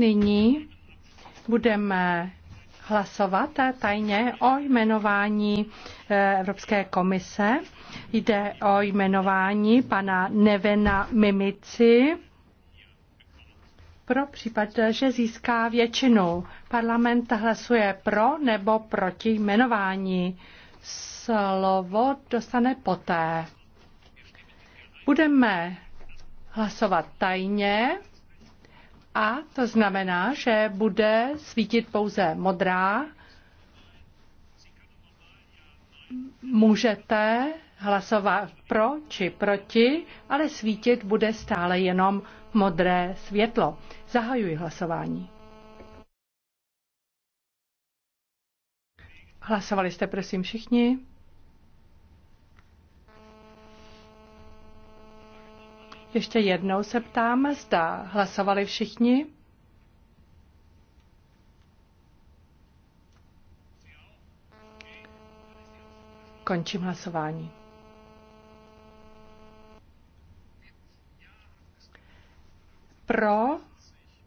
nyní budeme hlasovat tajně o jmenování eh, Evropské komise. Jde o jmenování pana Nevena Mimici pro případ, že získá většinu. Parlament hlasuje pro nebo proti jmenování. Slovo dostane poté. Budeme hlasovat tajně. A to znamená, že bude svítit pouze modrá. Můžete hlasovat pro či proti, ale svítit bude stále jenom modré světlo. Zahajuji hlasování. Hlasovali jste prosím všichni? Ještě jednou se ptám, zda hlasovali všichni? Končím hlasování. Pro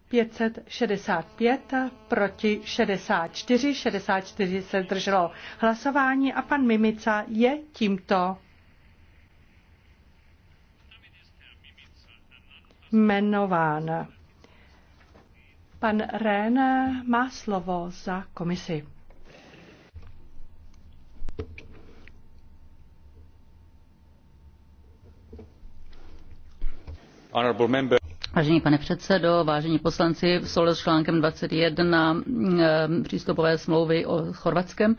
565, proti 64, 64 se drželo hlasování a pan Mimica je tímto jmenován. Pan Rén má slovo za komisi. Honorable Vážený pane předsedo, vážení poslanci, v s článkem 21 eh, přístupové smlouvy o Chorvatském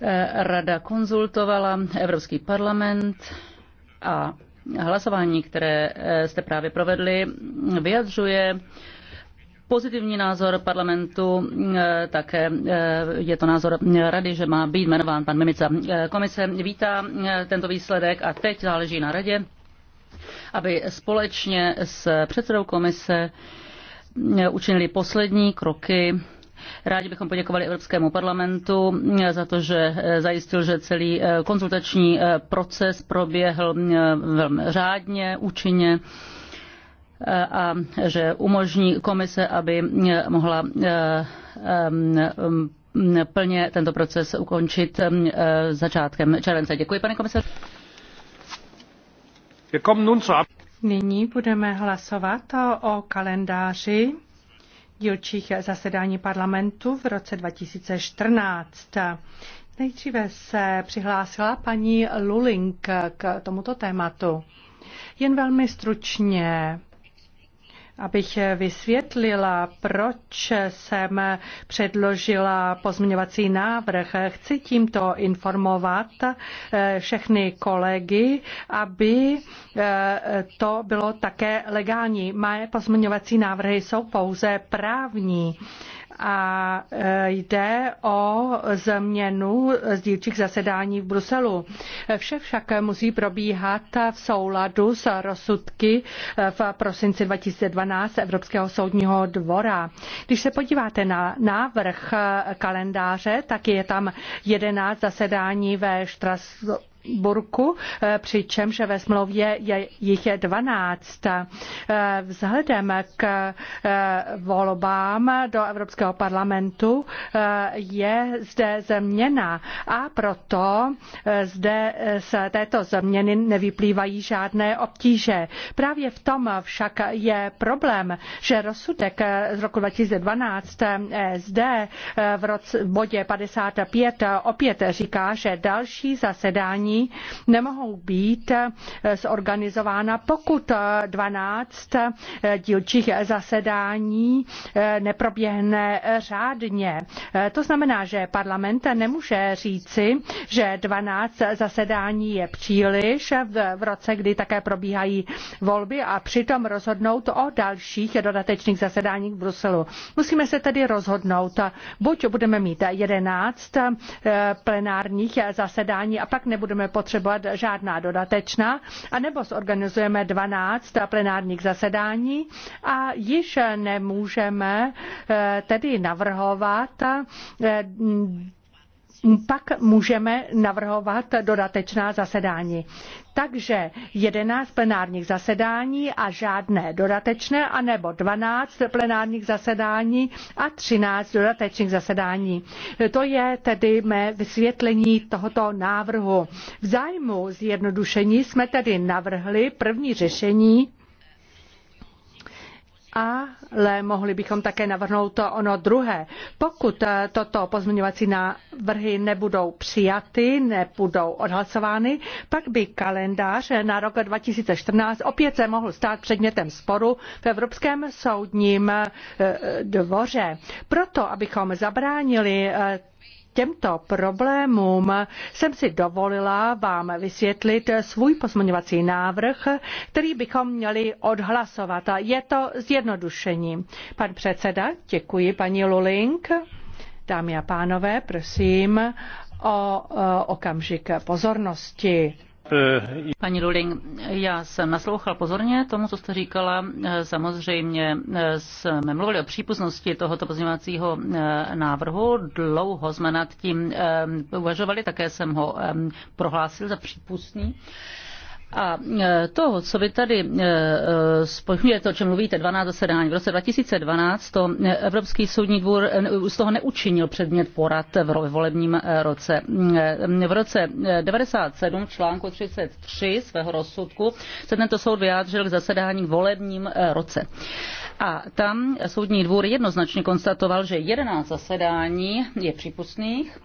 eh, Rada konzultovala Evropský parlament a hlasování, které eh, jste právě provedli, vyjadřuje pozitivní názor parlamentu, eh, také eh, je to názor rady, že má být jmenován pan Mimica. Komise vítá tento výsledek a teď záleží na radě, aby společně s předsedou komise učinili poslední kroky Rádi bychom poděkovali Evropskému parlamentu eh, za to, že eh, zajistil, že celý eh, konzultační proces proběhl velmi řádně, účinně a že umožní komise, aby mohla plně tento proces ukončit začátkem července. Děkuji, pane komisaři. Nyní budeme hlasovat o kalendáři dílčích zasedání parlamentu v roce 2014. Nejdříve se přihlásila paní Lulink k tomuto tématu. Jen velmi stručně abych vysvětlila, proč jsem předložila pozměňovací návrh. Chci tímto informovat eh, všechny kolegy, aby eh, to bylo také legální. Mé pozměňovací návrhy jsou pouze právní a e, jde o změnu dílčích zasedání v Bruselu. Vše však musí probíhat v souladu s rozsudky v prosinci 2012 Evropského soudního dvora. Když se podíváte na návrh kalendáře, tak je tam 11 zasedání ve Štrasburku Burku, eh, přičemž ve smlouvě je jich je eh, 12. Vzhledem k eh, volbám do Evropského parlamentu je zde změna a proto zde z této změny nevyplývají žádné obtíže. Právě v tom však je problém, že rozsudek z roku 2012 zde v bodě 55 opět říká, že další zasedání nemohou být eh, zorganizována, pokud 12 eh, eh, dílčích zasedání neproběhne řádně. To znamená, že parlament nemůže říci, že 12 zasedání je příliš v roce, kdy také probíhají volby a přitom rozhodnout o dalších dodatečných zasedáních v Bruselu. Musíme se tedy rozhodnout, buď budeme mít 11 plenárních zasedání a pak nebudeme nebudeme potřebovat žádná dodatečná, anebo zorganizujeme 12 plenárních zasedání a již nemůžeme eh, tedy navrhovat eh, pak můžeme navrhovat dodatečná zasedání. Takže 11 plenárních zasedání a žádné dodatečné, anebo 12 plenárních zasedání a 13 dodatečných zasedání. To je tedy mé vysvětlení tohoto návrhu. V zájmu zjednodušení jsme tedy navrhli první řešení, ale mohli bychom také navrhnout to ono druhé. Pokud eh, toto pozměňovací návrhy nebudou přijaty, nebudou odhlasovány, pak by kalendář na rok 2014 opět se mohl stát předmětem sporu v Evropském soudním eh, dvoře. Proto, abychom zabránili eh, těmto problémům jsem si dovolila vám vysvětlit svůj pozměňovací návrh, který bychom měli odhlasovat. Je to zjednodušení. Pan předseda, děkuji paní Luling. Dámy a pánové, prosím o okamžik pozornosti. Paní Luling, já jsem naslouchal pozorně tomu, co jste říkala. Samozřejmě eh, jsme mluvili o přípustnosti tohoto pozměňovacího eh, návrhu. Dlouho jsme nad tím eh, uvažovali, také jsem ho prohlásil za přípustný. A e, to, co vy tady e, e, spojujete, o čem mluvíte, 12 zasedání, v roce 2012 to Evropský soudní dvůr z toho neučinil předmět porad v volebním roce. V roce 97 článku 33 svého rozsudku se tento soud vyjádřil k zasedání v volebním roce. A tam soudní dvůr jednoznačně konstatoval, že 11 zasedání je přípustných,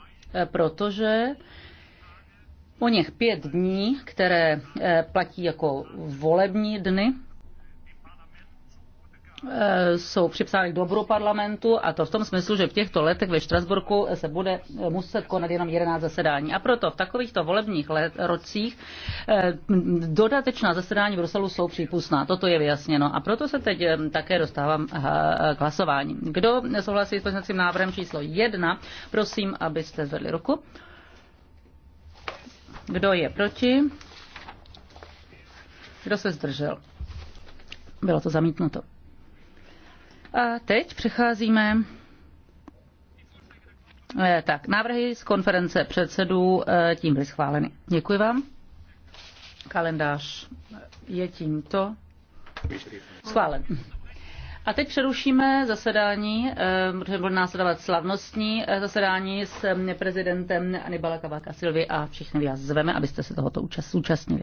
protože o něch pět dní, které eh, platí jako volební dny, eh, jsou připsány k dobru parlamentu a to v tom smyslu, že v těchto letech ve Štrasburku se bude muset konat jenom 11 zasedání. A proto v takovýchto volebních let, rocích eh, dodatečná zasedání v Bruselu jsou přípustná. Toto je vyjasněno. A proto se teď také dostávám k hlasování. Kdo souhlasí s poznacím návrhem číslo 1, prosím, abyste zvedli ruku. Kdo je proti? Kdo se zdržel? Bylo to zamítnuto. A teď přecházíme eh, tak, návrhy z konference předsedů eh, tím byly schváleny. Děkuji vám. Kalendář je tímto schválen. A teď přerušíme zasedání, eh, protože bude následovat slavnostní eh, zasedání s eh, prezidentem Anibala Kavaka Silvi a všichni vás zveme, abyste se tohoto účast, účastnili.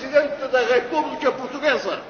Presidente da República Portuguesa.